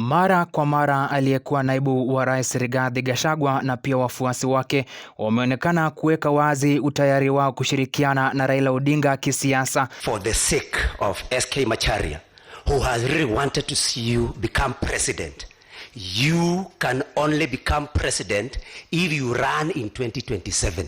Mara kwa mara aliyekuwa naibu wa rais Rigathi Gachagua na pia wafuasi wake wameonekana kuweka wazi utayari wao kushirikiana na Raila Odinga kisiasa. For the sake of SK Macharia who has really wanted to see you become president you can only become president if you run in 2027.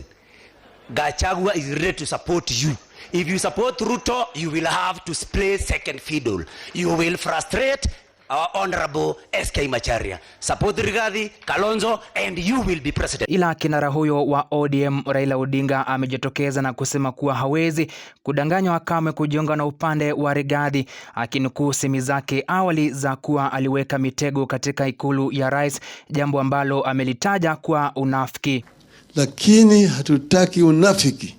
Gachagua is ready to support you. If you support Ruto, you will have to play second fiddle. You will frustrate our honorable SK Macharia. Support Rigathi, Kalonzo and you will be president. Ila kinara huyo wa ODM Raila Odinga amejitokeza na kusema kuwa hawezi kudanganywa kamwe kujiunga na upande wa Rigathi, akinukuu semi zake awali za kuwa aliweka mitego katika ikulu ya rais, jambo ambalo amelitaja kwa unafiki. Lakini hatutaki unafiki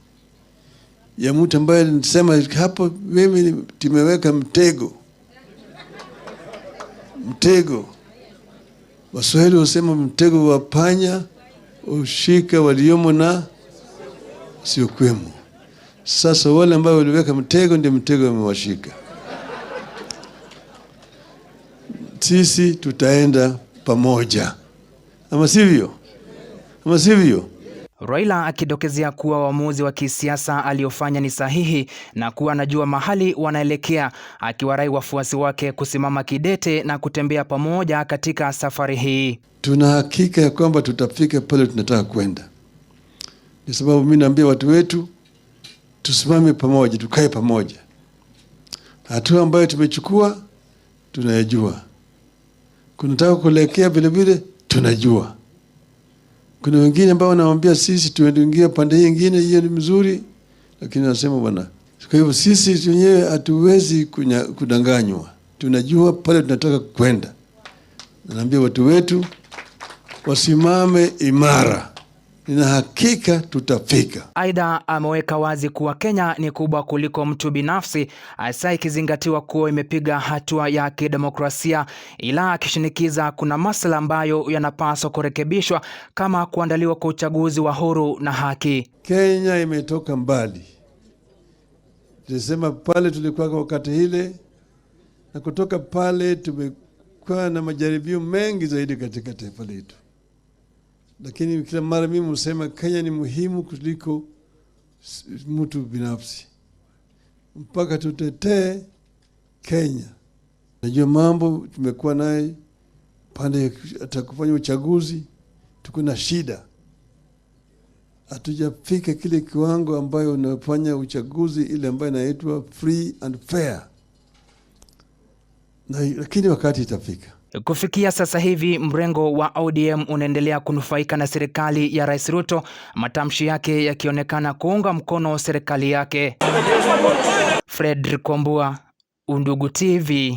ya mtu ambaye nilisema hapo, mimi tumeweka mtego mtego. Waswahili husema mtego wa panya ushika waliomo na siokwemo. Sasa wale ambao waliweka mtego ndio mtego wamewashika. Sisi tutaenda pamoja, ama sivyo? Ama sivyo? Raila akidokezea kuwa uamuzi wa kisiasa aliyofanya ni sahihi na kuwa anajua mahali wanaelekea, akiwarai wafuasi wake kusimama kidete na kutembea pamoja katika safari hii. Tuna hakika ya kwamba tutafika pale tunataka kwenda. Ni sababu mimi naambia watu wetu tusimame pamoja, tukae pamoja. Hatua ambayo tumechukua tunayajua, kunataka kuelekea vilevile tunajua kuna wengine ambao wanawaambia sisi tuingie pande nyingine, hiyo ni mzuri, lakini nasema bwana. Kwa hivyo sisi wenyewe hatuwezi kudanganywa, tunajua pale tunataka kwenda. Naambia watu wetu wasimame imara nina hakika tutafika. Aidha, ameweka wazi kuwa Kenya ni kubwa kuliko mtu binafsi, hasa ikizingatiwa kuwa imepiga hatua ya kidemokrasia, ila akishinikiza kuna masuala ambayo yanapaswa kurekebishwa kama kuandaliwa kwa uchaguzi wa huru na haki. Kenya imetoka mbali, tulisema pale tulikuwa wakati hile, na kutoka pale tumekuwa na majaribio mengi zaidi katika taifa letu. Lakini kila mara mimi husema Kenya ni muhimu kuliko mtu binafsi, mpaka tutetee Kenya. Najua mambo tumekuwa naye pande, atakufanya uchaguzi tuko na shida, hatujafika kile kiwango ambayo unafanya uchaguzi ile ambayo inaitwa free and fair na, lakini wakati itafika. Kufikia sasa hivi mrengo wa ODM unaendelea kunufaika na serikali ya Rais Ruto, matamshi yake yakionekana kuunga mkono serikali yake. Fredrick Kwambua, Undugu TV.